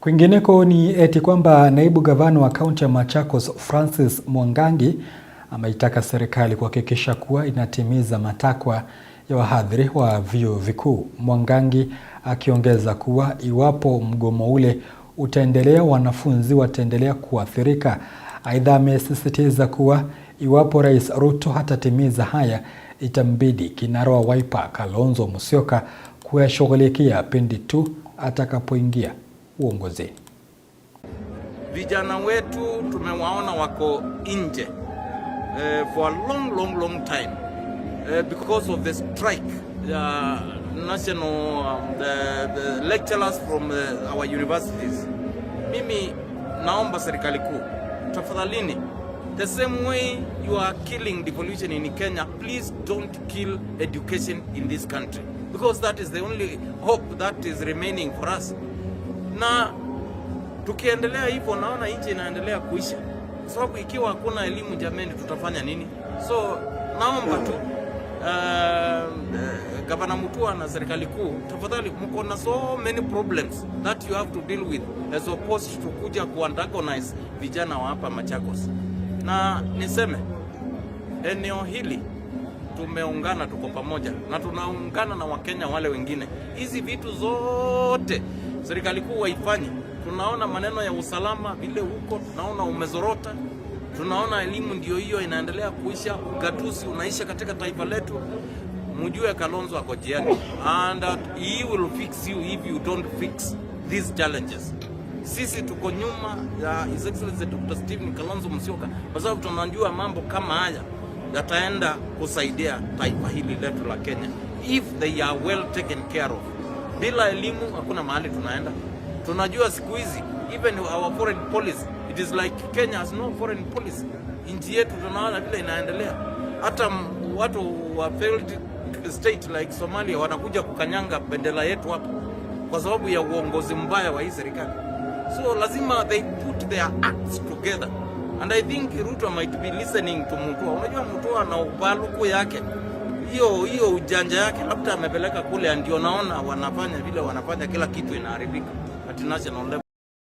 Kwingineko ni eti kwamba naibu gavana wa kaunti ya Machakos Francis Mwangangi ameitaka serikali kuhakikisha kuwa inatimiza matakwa ya wahadhiri wa vyuo vikuu. Mwangangi akiongeza kuwa iwapo mgomo ule utaendelea, wanafunzi wataendelea kuathirika. Aidha, amesisitiza kuwa iwapo Rais Ruto hatatimiza haya, itambidi kinara wa Wiper Kalonzo Musyoka kuyashughulikia pindi tu atakapoingia uongozini. Vijana wetu tumewaona wako nje uh, for a long, long, long time uh, because of the strike uh, national um, the, the lecturers from the, eh, our universities. Mimi naomba serikali kuu tafadhalini, the same way you are killing devolution in Kenya, please don't kill education in this country because that is the only hope that is remaining for us na tukiendelea hivyo, naona nchi inaendelea kuisha, kwa sababu ikiwa hakuna elimu, jameni, tutafanya nini? So naomba tu uh, gavana Mutua na serikali kuu, tafadhali, mko na so many problems that you have to deal with as opposed to kuja kuantagonize vijana wa hapa Machakos. Na niseme eneo hili tumeungana, tuko pamoja na tunaungana na Wakenya wale wengine. Hizi vitu zote serikali kuu waifanye. Tunaona maneno ya usalama vile huko, tunaona umezorota, tunaona elimu ndio hiyo inaendelea kuisha, ugatuzi unaisha katika taifa letu. Mjue Kalonzo ako jiani, and he will fix you if you don't fix these challenges. Sisi tuko nyuma ya His Excellency Dr. Stephen Kalonzo Musyoka kwa sababu tunajua mambo kama haya yataenda kusaidia taifa hili letu la Kenya if they are well taken care of. Bila elimu hakuna mahali tunaenda. Tunajua siku hizi even our foreign policy it is like Kenya has no foreign policy. Nchi yetu tunaona vile inaendelea, hata watu wa failed state like Somalia wanakuja kukanyanga bendera yetu hapa kwa sababu ya uongozi mbaya wa hii serikali. So lazima they put their acts together and I think Ruto might be listening to Mutua. Unajua Mutua na ubaluku yake hiyo hiyo ujanja yake labda amepeleka kule, ndio naona wanafanya vile wanafanya, kila kitu inaharibika at national level.